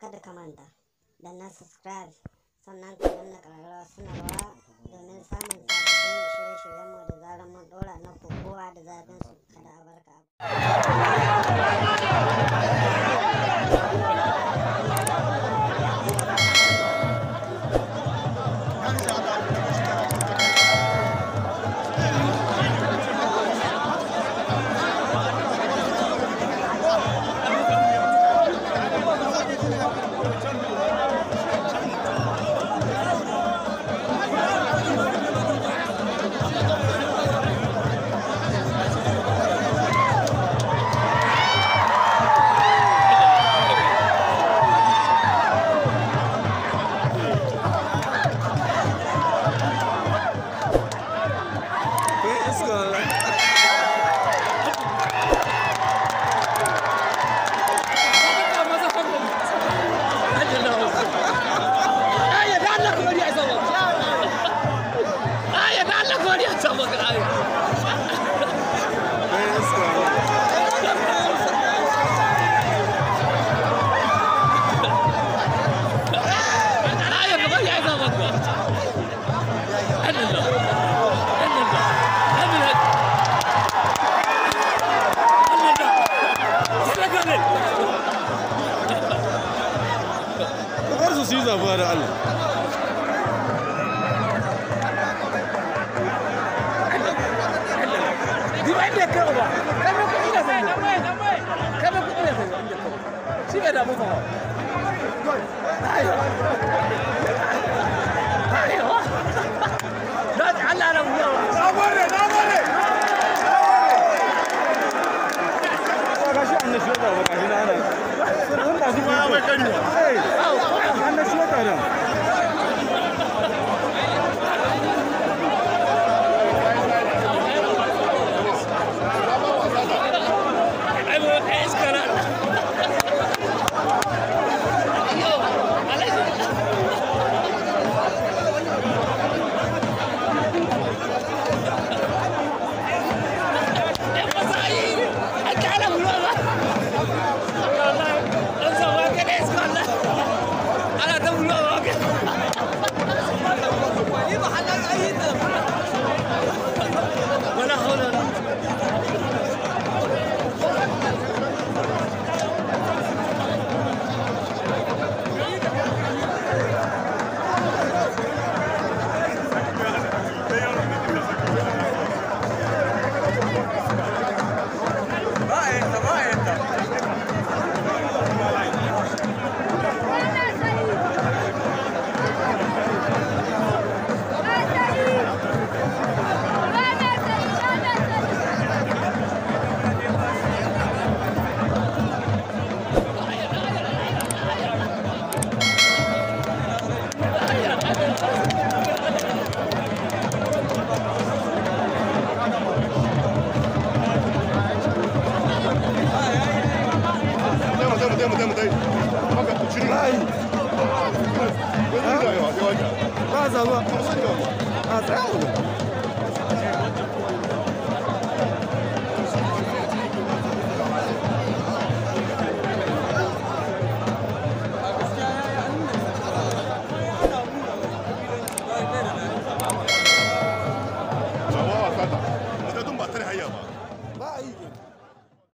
kada ka manta da na subscribe sannan ka danna ƙararrawa sanarwa domin samun sababbin shirye يسلمك العافيه Caesar wurde alle. bai kai uba kai bai kuɗi na sanya kai bai kuɗi na sanya shi bai kadai haka ku ciri rai ba